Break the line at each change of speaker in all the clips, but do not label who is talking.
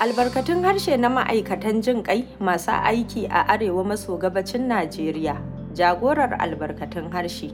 Albarkatun harshe na ma'aikatan jin ƙai masu aiki a arewa maso gabacin Najeriya, jagorar albarkatun harshe,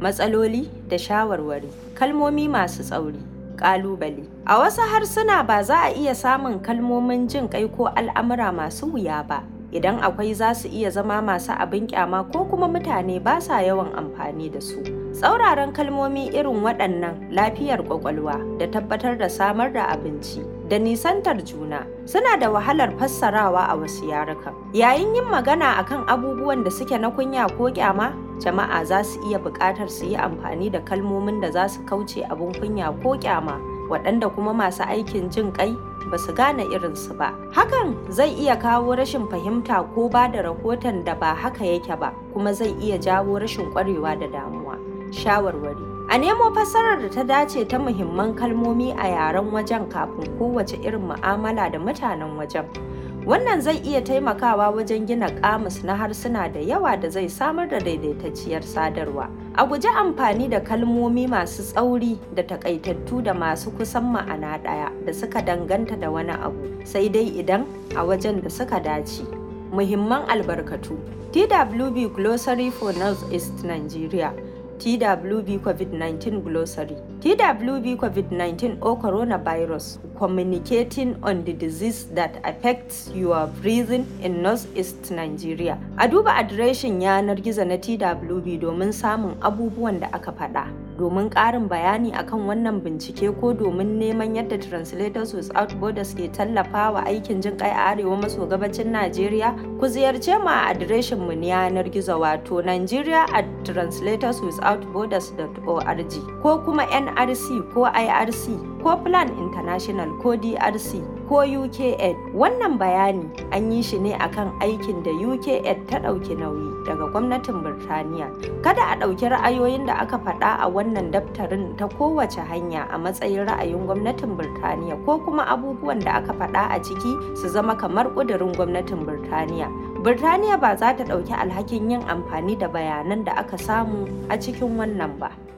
matsaloli da shawarwari, kalmomi masu tsauri, ƙalubale. A wasu harsuna ba za a iya samun kalmomin jin ƙai ko al'amura masu wuya ba, idan akwai za su iya zama masu abin kyama ko kuma mutane ba sa yawan amfani da su. Tsauraran kalmomi irin waɗannan lafiyar ƙwaƙwalwa da tabbatar da samar da abinci. da nisantar juna suna da wahalar fassarawa a wasu yarukan. Yayin yin magana akan abubuwan da suke na kunya ko kyama, jama'a za su iya buƙatar su yi amfani da kalmomin da za su kauce abin kunya ko kyama, waɗanda kuma masu aikin jin kai ba su gane irinsu ba. Hakan zai iya kawo rashin fahimta ko ba da rahoton da ba haka yake ba, kuma zai iya jawo rashin ƙwarewa da damuwa. Shawarwari. A nemo fassarar da ta dace ta muhimman kalmomi a yaren wajen kafin kowace irin mu'amala da mutanen wajen. Wannan zai iya taimakawa wajen gina kamus na harsuna da yawa da zai samar da daidaitacciyar sadarwa. A guji amfani da kalmomi masu tsauri da takaitattu da masu kusan ma'ana ɗaya da suka danganta da wani abu, sai dai idan a wajen da suka dace. Muhimman albarkatu TWB Glossary for North East Nigeria TWB COVID-19 Glossary. TWB COVID-19 or coronavirus, communicating on the disease that affects your breathing in Northeast Nigeria. A duba adireshin yanar gizo na TWB domin samun abubuwan da aka faɗa. domin ƙarin bayani akan wannan bincike ko domin neman yadda Translators Without Borders ke tallafawa aikin jin kai a arewa maso gabacin Najeriya, ku ziyarce mu a adireshin mu na yanar gizo wato Nigeria at translators borders.org ko kuma NRC ko IRC ko Plan International ko DRC. ko UKAID. Wannan bayani an yi shi ne akan aikin da UKAID ta ɗauki nauyi daga gwamnatin Birtaniya. Kada a ɗauki ra'ayoyin da aka faɗa a wannan daftarin ta kowace hanya a matsayin ra'ayin gwamnatin Birtaniya ko kuma abubuwan da aka faɗa a ciki su zama kamar ƙudurin gwamnatin Birtaniya. Birtaniya ba za ta ɗauki alhakin yin amfani da bayanan da aka samu a cikin wannan ba.